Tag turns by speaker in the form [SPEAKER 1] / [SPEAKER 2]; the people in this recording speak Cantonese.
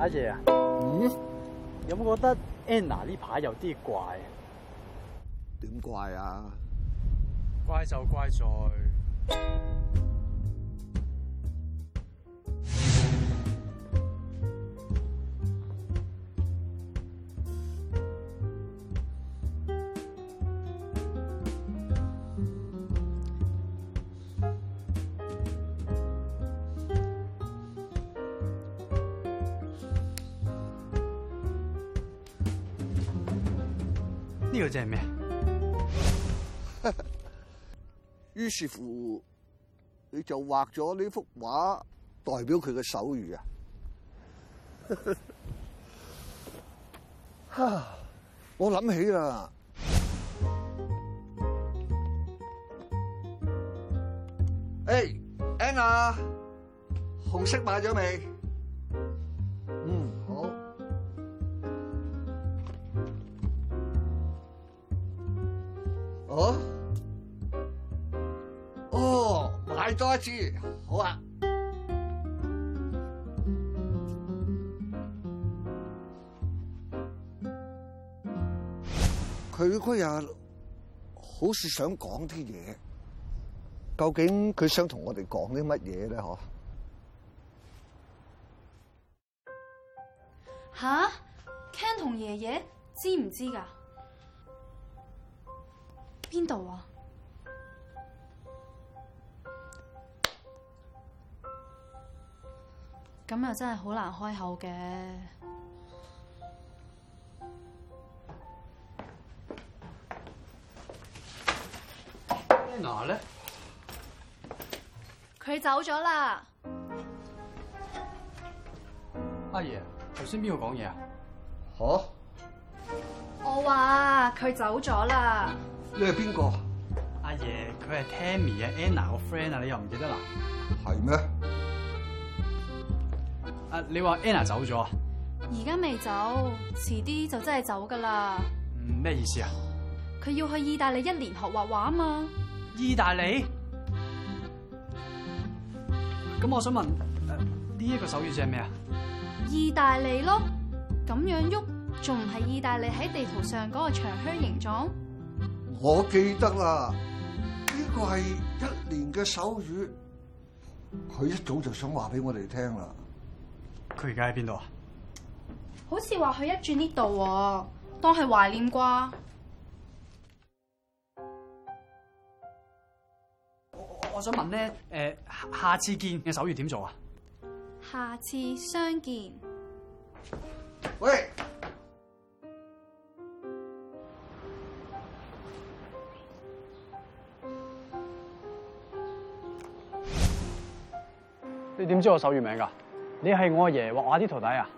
[SPEAKER 1] 阿爺啊，咦？有冇覺得 Anna 呢排有啲怪？點怪啊？怪就怪在。呢個即係咩？ 於是乎，你就畫咗呢幅畫代表佢嘅手語啊！哈， 我諗起啦，哎，Anna，紅色買咗未？多一次，好啊。佢嗰日好似想講啲嘢，究竟佢想同我哋講啲乜嘢咧？吓、啊、？Ken 同爺爺知唔知㗎？邊度啊？咁又真係好難開口嘅 An。Anna 咧，佢走咗啦。阿爺，頭先邊個講嘢啊？哈？My, Anna, 我話佢走咗啦。你係邊個？阿爺，佢係 Tammy 啊，Anna 個 friend 啊，你又唔記得啦？係咩？誒，你話 Anna 走咗啊？而家未走，遲啲就真係走噶啦。咩意思啊？佢要去意大利一年學畫畫嘛？意大利？咁我想問，誒、啊，呢、這、一個手語係咩啊？意大利咯，咁樣喐，仲唔係意大利喺地圖上嗰個長靴形狀？我記得啦，呢、這個係一年嘅手語，佢一早就想話俾我哋聽啦。佢而家喺邊度啊？在在好似話佢一轉呢度，當係懷念啩。我想問咧，誒，下次見你手語點做啊？下次相見。喂！你點知我手語名噶？你係我阿爺喎，我啲徒弟啊！